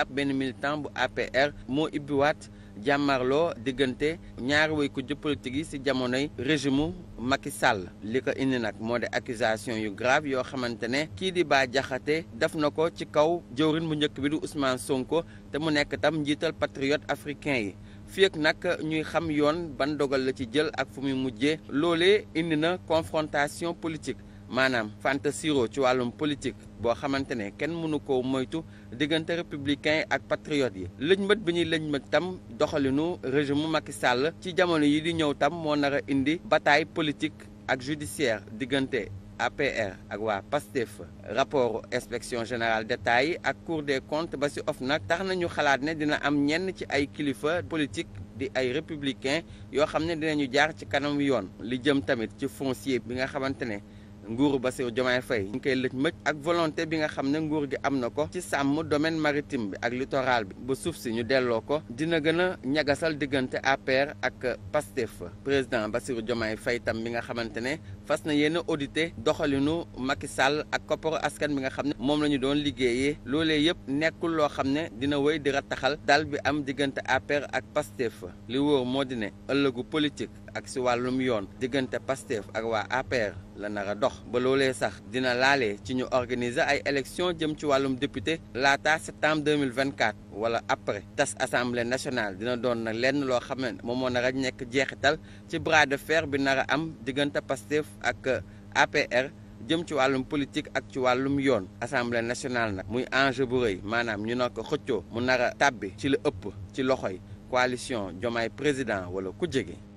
cap benn militant bu APR moo ibbiwaat jàmmarloo diggante ñaari way ku politique yi ci jamonoy régime Macky Sall li ko indi nag moo de accusation yu grave yoo xamante ne kii di Bah Diakhaté def na ko ci kaw jëwrin mu njëkk bi du Ousmane Sonko te mu nekk tam njiital patriote africain yi fi ak nag ñuy xam yoon ban dogal la ci jël ak fu muy mujjee loolee indi na confrontation politique maanaam Fanta Siro ci wàllum politique boo xamante ne kenn mënu ko moytu diggante républicain ak patriote yi lëñmët bi ñuy lëñmët tam doxalinu régime Macky Sall ci jamono yi di ñëw tam moo nar a indi bataille politique ak judiciaire diggante APR ak waa PASTEF rapport inspection générale d'État yi ak cour des comptes ba ci nag tax nañu xalaat ne dina am ñenn ci ay kilifa politique di ay républicain yoo xam ne dinañu jaar ci kanam yoon li jëm tamit ci foncier bi nga xamante ne nguuru Bassirou Diomaye Faye ñu koy lëj mëj ak volonté bi nga xam ne nguur gi am na ko ci sàmm domaine maritime bi ak littoral bi ba suuf si ñu delloo ko dina gën a ñagasal diggante APR ak PASTEF président Bassirou Diomaye Faye tam bi nga xamante ne fas na yéen a audité doxalinu Macky Sall ak kopparu askan bi nga xam ne moom la ñu doon liggéeyee loole yëpp nekkul loo xam ne dina woy di rattaxal dal bi am diggante APR ak PASTEF li wóor moo di ne ëllëgu politique ak si wàllum yoon diggante Pastef ak waa APR la nar dox ba loolee sax dina laale ci ñu organiser ay élections jëm ci wàllum député laata septembre 2024 wala après tas assemblée national dina doon nag lenn loo xam ne moom moo nar a nekk jeexital ci bras de fer bi nar a am diggante Pastef ak euh, APR jëm ci wàllum politique ak ci wàllum yoon assemblée national nag muy enjeu bu rëy maanaam ñu nar ko xëccoo mu nar a tàbbi ci la ëpp ci loxoy coalition Diomaye président wala ku jege.